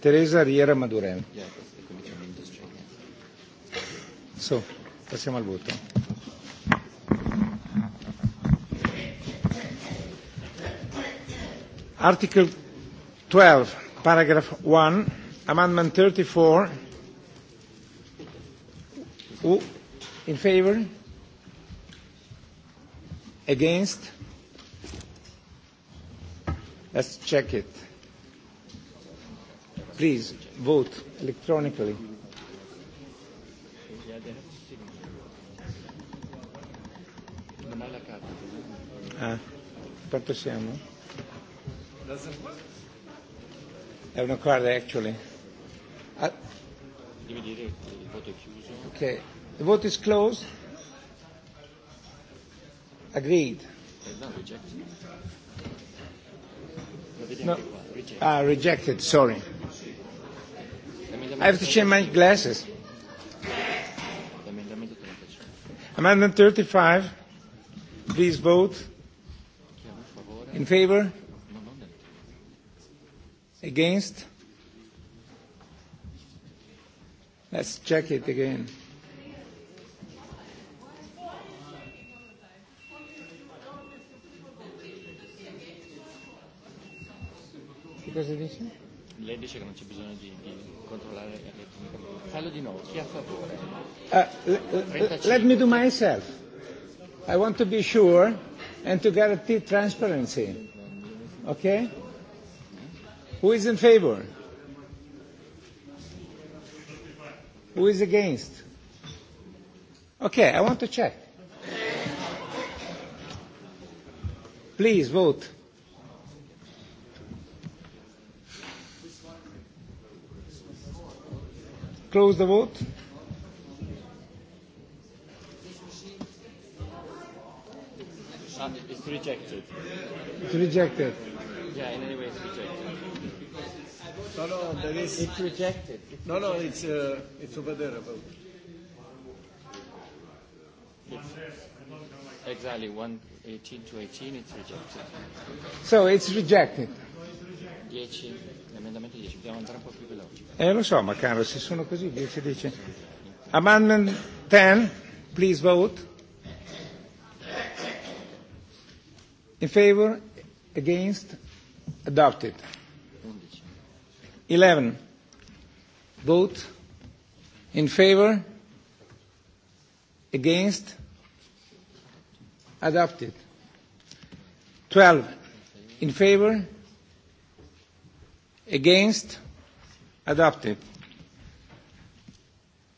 Teresa Riera Madureno. So, passiamo al voto. Article 12, paragraph 1, amendment 34. Who in favor? Against? Let's check it. Please vote electronically. Ah, quanto siamo? È una quarta, actually. Okay. Ok, the vote is closed. Agreed. No. Ah, rejected, sorry. I have to change my glasses. Amendment 35. Please vote. In favor? Against? Let's check it again. ¿Qué cosa dice? lei dice che non c'è bisogno di, di controllare elettronicamente. Fallo di nuovo, chi ha favore? Uh, let me do myself. I want to be sure and to guarantee transparency. Okay? Who is in favor? Who is against? Okay, I want to check. Please vote. Close the vote. It's rejected. It's rejected. Yeah, in any way it's rejected. No, no, there is. It's rejected. It's no, no, it's uh, it's over there about. It's exactly 118 to 18. It's rejected. So it's rejected. 18. L'emendamento 10, dobbiamo andare un po' più veloci. Eh lo so, ma caro, se sono così 10 dice. Amendment 10, please vote. In favor? Against? Adopted. 11. Vote? In favor? Against? Adopted. 12. In favor? against. Against? Adopted.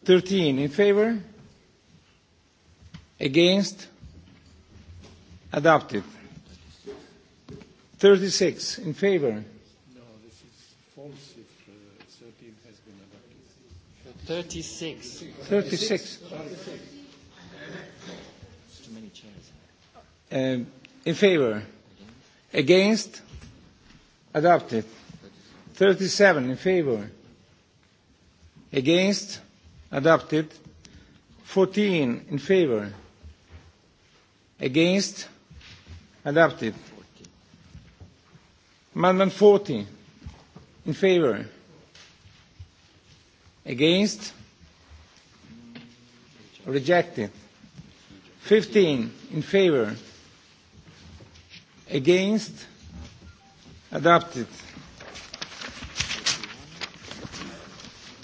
13 in favor? Against? Adopted. 36 in favor? No, this is false if uh, 13 has been adopted. 36. 36. 36. Too many chairs. Uh, in favor? Against? Adopted. 37 in favour. Against? Adopted. 14 in favour. Against? Adopted. Amendment 40 in favour. Against? Rejected. 15 in favour. Against? Adopted.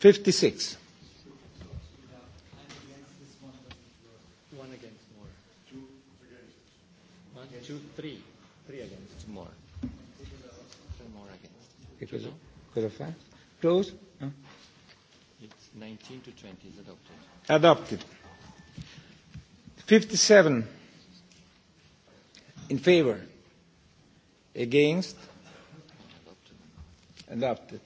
56. One against more. Two against. One, two, three. Three against more. Three more against. It was no? five. Close. No? It's 19 to 20 is adopted. Adopted. 57 in favor. Against. Adopted. Adopted.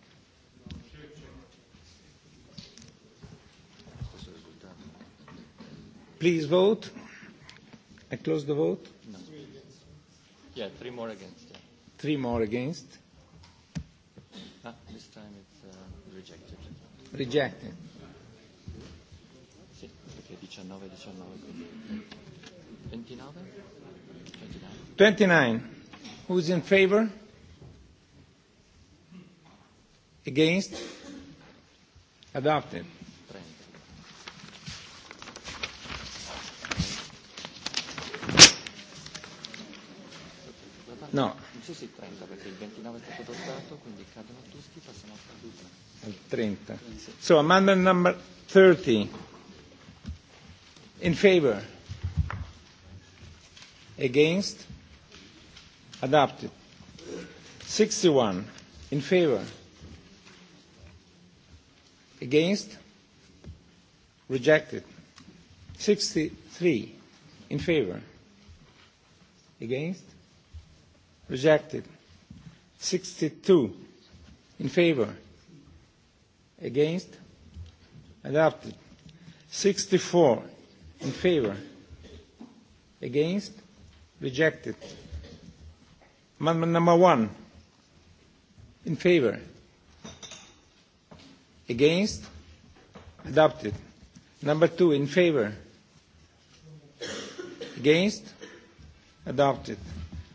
Please vote. I close the vote. No. Yeah, three more against. Yeah. Three more against. Ah, this time it's uh, rejected. Rejected. Twenty nine? Who's in favor? Against? Adopted. adesso si 30 perché il 29 è stato adottato, quindi cadono tutti, passano al 30. Al 30. So amendment number 30. In favor. Against. Adopted. 61. In favor. Against. Rejected. 63. In favor. Against Rejected. 62 in favor. Against. Adopted. 64 in favor. Against. Rejected. Amendment number one. In favor. Against. Adopted. Number two in favor. Against. Adopted.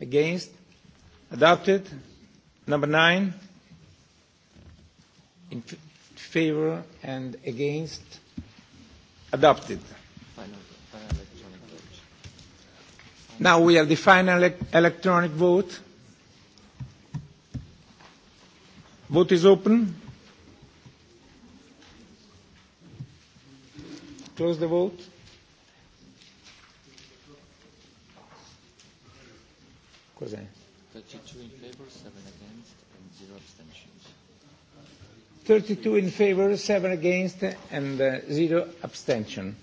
Against? Adopted. Number nine. In favor and against? Adopted. Now we have the final electronic vote. Vote is open. Close the vote. Cos'è? 32 32 in favor, 7 against and 0 abstention.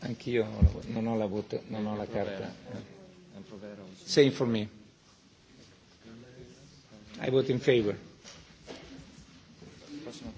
Anch'io non ho la, vota, non ho la carta. Same for me. I vote in favor. Prossimo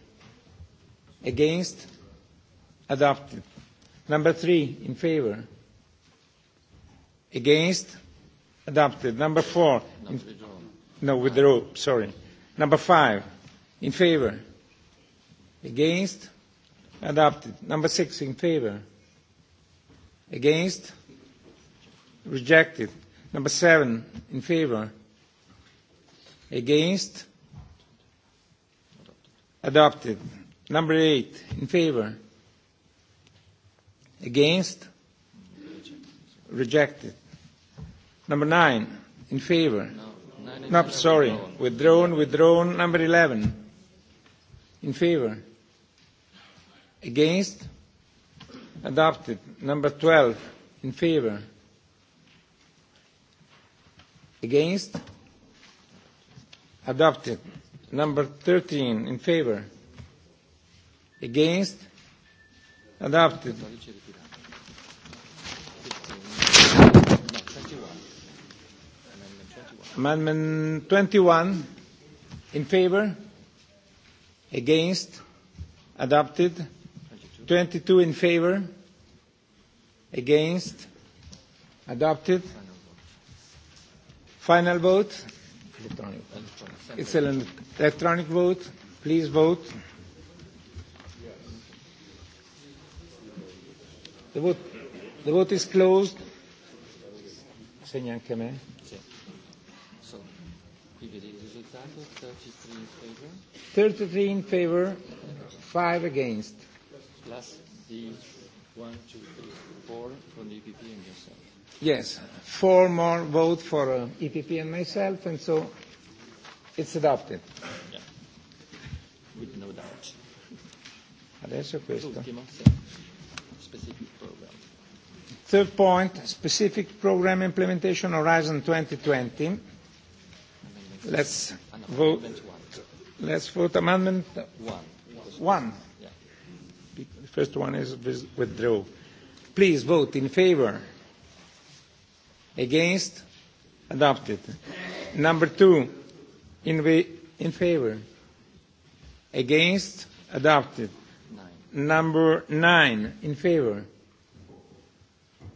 Against? Adopted. Number three, in favor. Against? Adopted. Number four. In, no, withdraw, sorry. Number five, in favor. Against? Adopted. Number six, in favor. Against? Rejected. Number seven, in favor. Against? Adopted. Number eight, in favor. Against? Rejected. Number nine, in favor. No, sorry, withdrawn, withdrawn. Number 11, in favor. Against? Adopted. Number 12, in favor. Against? Adopted. Number 13, in favor. Against? Adopted. Amendment 21 in favor? Against? Adopted. 22 in favor? Against? Adopted. Final vote? Electronic. It's an electronic vote. Please vote. The vote, the vote is closed. Segna anche me. So, qui in favor. five in favor, against. Plus the one, two, three, four from the EPP and yourself. Yes, four more votes for uh, EPP and myself, and so it's adopted. Yeah. With no doubt. Adesso questo. L'ultimo, Specifico. Third point, specific program implementation Horizon 2020. Let's vote. Let's vote amendment one. One. The first one is withdraw. Please vote in favor. Against? Adopted. Number two, in, in favor. Against? Adopted. Number nine, in favor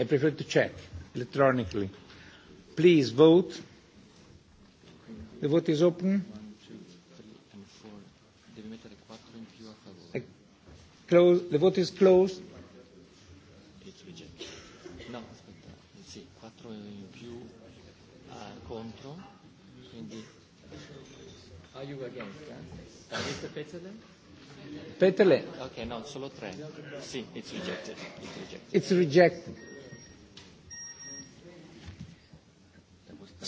I prefer to check electronically. Please vote. The vote is open. Close. The vote is closed. It's rejected. No, in più Are you against, eh? Are you Petele? Petele. Okay, no, solo three. Si, it's rejected. It's rejected. It's rejected.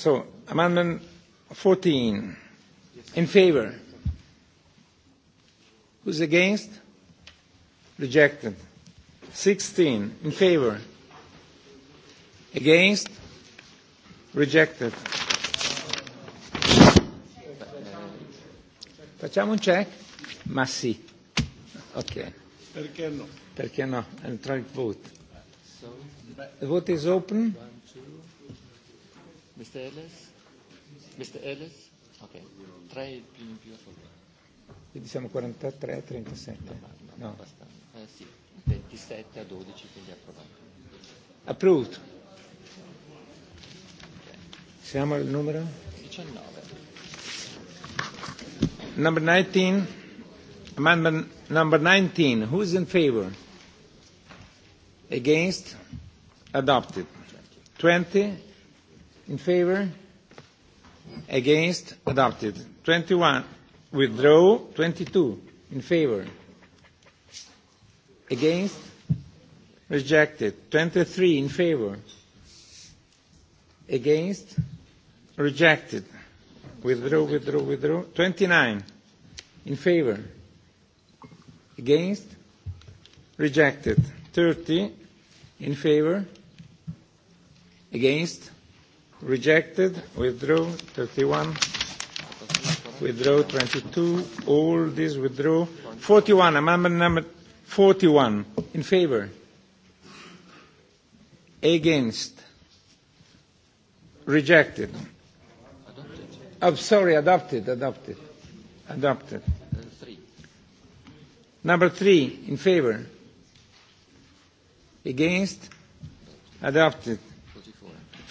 So, amendment 14. In favor? Who's against? Rejected. 16. In favor? Against? Rejected. Facciamo un check? Ma sì. Ok. Perché no? Perché no? And Electronic vote. The vote is open. Mr. Ellis? Mr. Ellis? Ok, tre il più in più a Quindi siamo 43 a 37? No, no, no. abbastanza. Eh, sì, 27 a 12, quindi approvato. Approved. Siamo al numero? 19. Number 19. Amendment number 19. Who is in favor? Against? Adopted. 20 in favor against adopted 21 withdraw 22 in favor against rejected 23 in favor against rejected withdraw withdraw withdraw 29 in favor against rejected 30 in favor against rejected, withdrew 31, withdrew 22, all these withdrew. 41, amendment number 41, in favor, against, rejected. I'm sorry, adopted, adopted, adopted. Number three, in favor, against, adopted.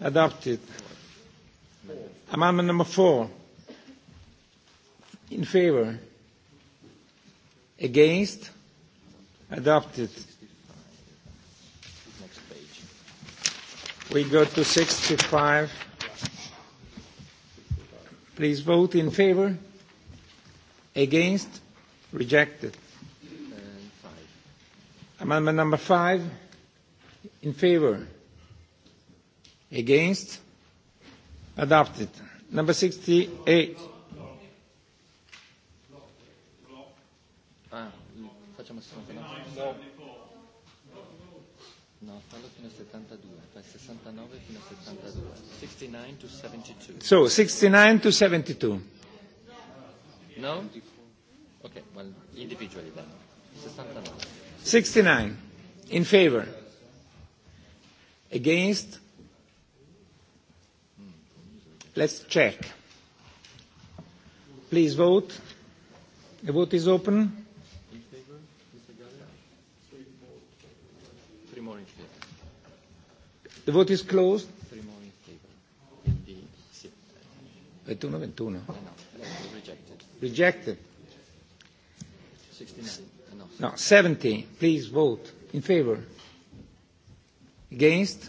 Adopted. Amendment number four. In favor. Against. Adopted. We go to 65. Please vote in favor. Against. Rejected. Amendment number five. In favor Against? Adopted. Number 68. a to So, 69 to 72. No? Okay, well, individually then. 69. 69. In favor. Against? Let's check. Please vote. The vote is open. Three more in The vote is closed. Three more in 21, rejected. No, 70. Please vote in favor. Against?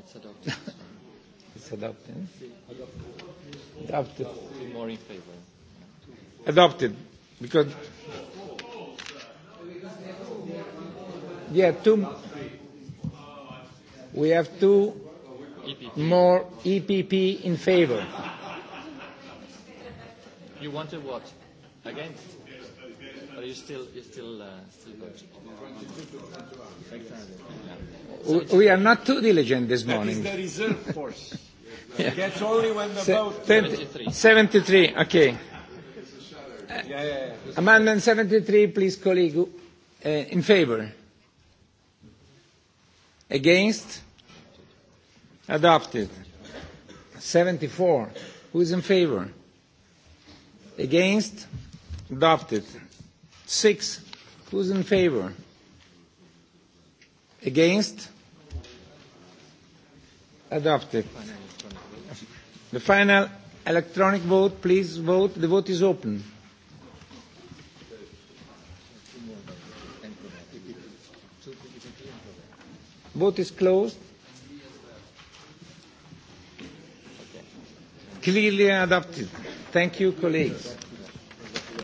it's adopted. it's adopted. Adopted. More in favor. Adopted. Because. Yeah, two. We have two more EPP in favor. You wanted what? Against? Are you still, you still, uh, still We are not too diligent this morning. That is the reserve force. yeah. That's only when the 73. 73, okay. Yeah, yeah, yeah. Amendment 73, please, colleague. Uh, in favor? Against? Adopted. 74. Who is in favor? Against? Adopted. Six. Who's in favor? Against? Adopted. The final electronic vote, please vote. The vote is open. Vote is closed. Clearly adopted. Thank you, colleagues.